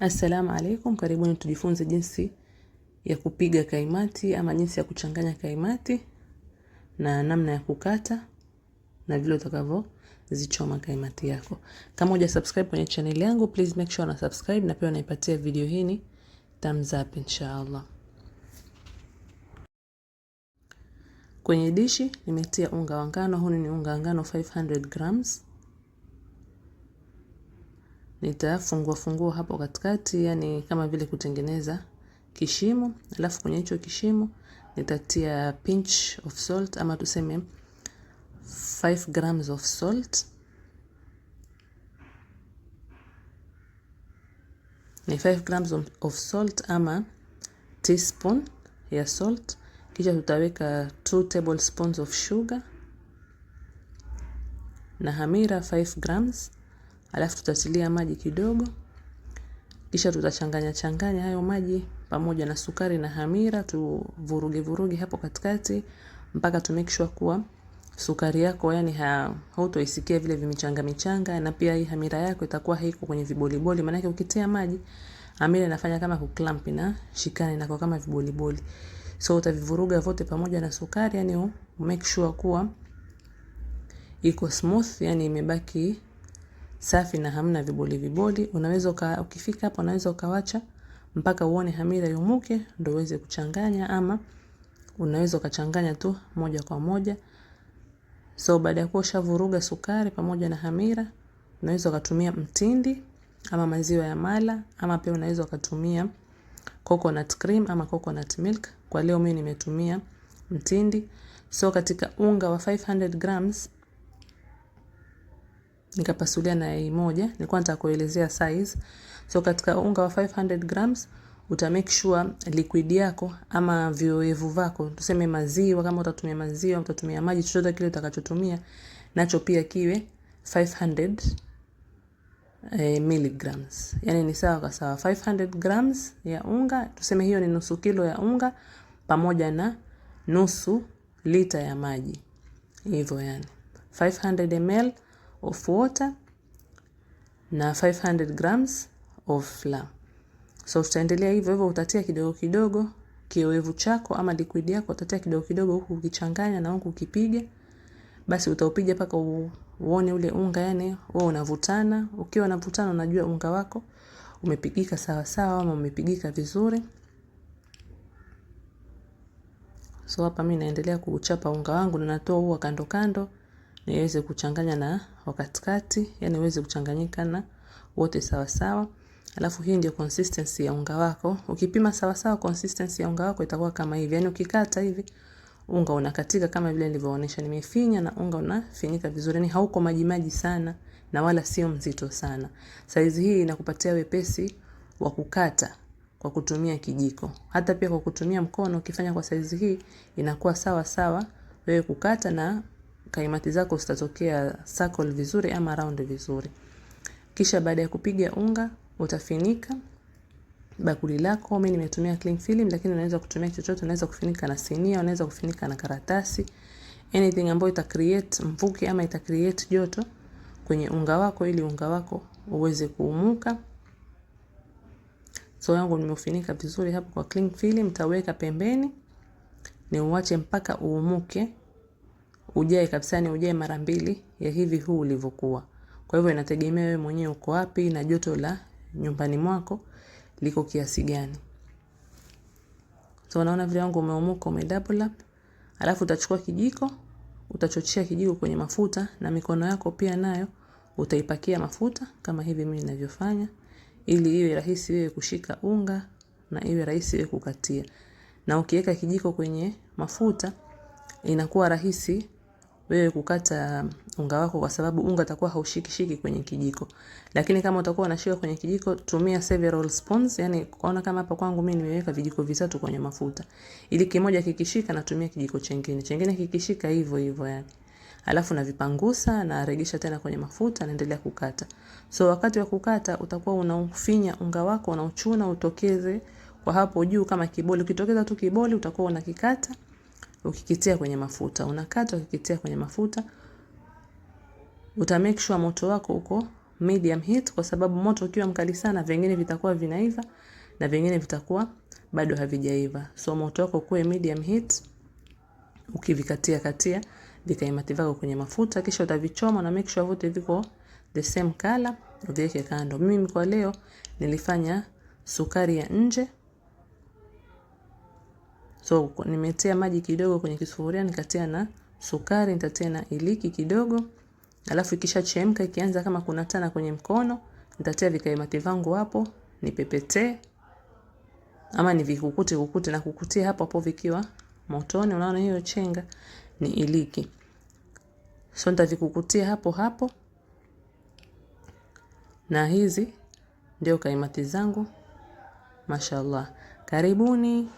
Assalamu alaikum, karibuni tujifunze jinsi ya kupiga kaimati ama jinsi ya kuchanganya kaimati na namna ya kukata na vile utakavyozichoma kaimati yako. Kama uja subscribe kwenye channel yangu, please make sure una subscribe na pia unaipatia video hii ni thumbs up inshallah. Kwenye dishi nimetia unga wa ngano, huni ni unga wa ngano 500 grams nitafungua fungua hapo katikati, yani kama vile kutengeneza kishimo, alafu kwenye hicho kishimo nitatia pinch of salt ama tuseme 5 grams of salt. Ni 5 grams of salt ama teaspoon ya salt, kisha tutaweka 2 tablespoons of sugar na hamira 5 grams Alafu tutatilia maji kidogo. Kisha tutachanganya changanya hayo maji pamoja na sukari na hamira tuvuruge vuruge hapo katikati mpaka tu make sure kuwa sukari yako yani ha, hautoisikia vile vimichanga michanga na pia hii hamira yako itakuwa haiko kwenye viboliboli maana yake ukitia maji hamira inafanya kama kuclamp na shikana inakuwa kama viboliboli. So utavivuruga vote pamoja na sukari yani make sure kuwa iko smooth yani imebaki safi na hamna viboli viboli. Unaweza uka, ukifika hapo unaweza ukawacha mpaka uone hamira yumuke ndio uweze kuchanganya, ama unaweza ukachanganya tu moja kwa moja. So baada ya kuwa ushavuruga sukari pamoja na hamira, unaweza ukatumia mtindi ama maziwa ya mala, ama pia unaweza ukatumia coconut cream ama coconut milk. Kwa leo mimi nimetumia mtindi. So katika unga wa 500 grams nikapasulia na yai moja. Nilikuwa nitakuelezea size. So katika unga wa 500 grams uta make sure liquid yako ama vioevu vako, tuseme maziwa, kama utatumia maziwa, utatumia maji, chochote kile utakachotumia nacho pia kiwe 500 eh, milligrams. Yani ni sawa kwa sawa 500 grams ya unga, tuseme hiyo ni nusu kilo ya unga pamoja na nusu lita ya maji, hivyo yani 500 ml of water na 500 grams of flour. So utaendelea hivyo hivyo, utatia kidogo kidogo kiowevu chako ama liquid yako, utatia kidogo kidogo, huku ukichanganya na huku ukipiga. Basi utaupiga paka uone ule unga, yani wewe unavutana. Ukiwa unavutana, unajua unga wako umepigika sawa sawa ama umepigika vizuri. So hapa mimi naendelea kuchapa unga wangu na natoa huwa kando kando na iweze kuchanganya na wakatikati, yani iweze kuchanganyika na wote sawa sawa. Alafu hii ndio consistency ya unga wako. Ukipima sawa sawa consistency ya unga wako itakuwa kama hivi. Yani ukikata hivi unga unakatika kama vile nilivyoonyesha, nimefinya na unga unafinyika vizuri, ni hauko maji maji sana na wala sio mzito sana. Saizi hii inakupatia wepesi wa kukata kwa kutumia kijiko, hata pia kwa kutumia mkono. Ukifanya kwa saizi hii inakuwa sawa sawa wewe kukata na kaimati zako zitatokea circle vizuri ama round vizuri. Kisha baada ya kupiga unga utafinika bakuli lako. Mimi nimetumia cling film, lakini unaweza kutumia chochote. Unaweza kufinika na sinia, unaweza kufinika na karatasi, anything ambayo ita create mvuke ama ita create joto kwenye unga wako, ili unga wako uweze kuumuka. So yangu nimeufinika vizuri hapo kwa cling film, nitaweka pembeni ni uache mpaka uumuke ujae kabisa, ni ujae mara mbili ya hivi huu ulivyokuwa. Kwa hivyo inategemea wewe mwenyewe uko wapi na joto la nyumbani mwako liko kiasi gani. So unaona vile wangu umeumuka, ume double up, alafu utachukua kijiko, utachochea kijiko kwenye mafuta na mikono yako pia nayo utaipakia mafuta kama hivi mimi ninavyofanya, ili iwe rahisi wewe kushika unga na iwe rahisi wewe kukatia. Na ukiweka kijiko kwenye mafuta inakuwa rahisi wewe kukata unga wako, kwa sababu unga utakuwa shiki kwenye kijiko. Lakini kama utakuwa unashika kwenye kijiko, tumia several spoons. Yani ukaona kama hapa kwangu mimi nimeweka vijiko vitatu kwenye mafuta, ili kimoja kikishika natumia kijiko chengine, chengine kikishika hivyo hivyo yani alafu navipangusa regesha tena kwenye mafuta, naendelea kukata. So wakati wa kukata utakuwa unaufinya unga wako, unauchuna utokeze kwa hapo juu kama kiboli. Ukitokeza tu kiboli utakuwa unakikata ukikitia kwenye mafuta. Unakata ukikitia kwenye mafuta. Uta make sure moto wako uko medium heat kwa sababu moto ukiwa mkali sana vingine vitakuwa vinaiva na vingine vitakuwa bado havijaiva. So moto wako kuwe medium heat ukivikatia katia vikaimati vako kwenye mafuta kisha utavichoma na make sure vote viko the same color, uviweke kando. Mimi kwa leo nilifanya sukari ya nje So nimetia maji kidogo kwenye kisufuria, nikatia na sukari, nitatia na iliki kidogo. Alafu ikishachemka ikianza kama kuna tana kwenye mkono, nitatia vikaimati vangu hapo, nipepetee ama ni vikukute kukute na kukutia hapo hapo vikiwa motoni. Unaona hiyo chenga ni iliki. So nitavikukutia hapo hapo, na hizi ndio kaimati zangu. Mashallah, karibuni.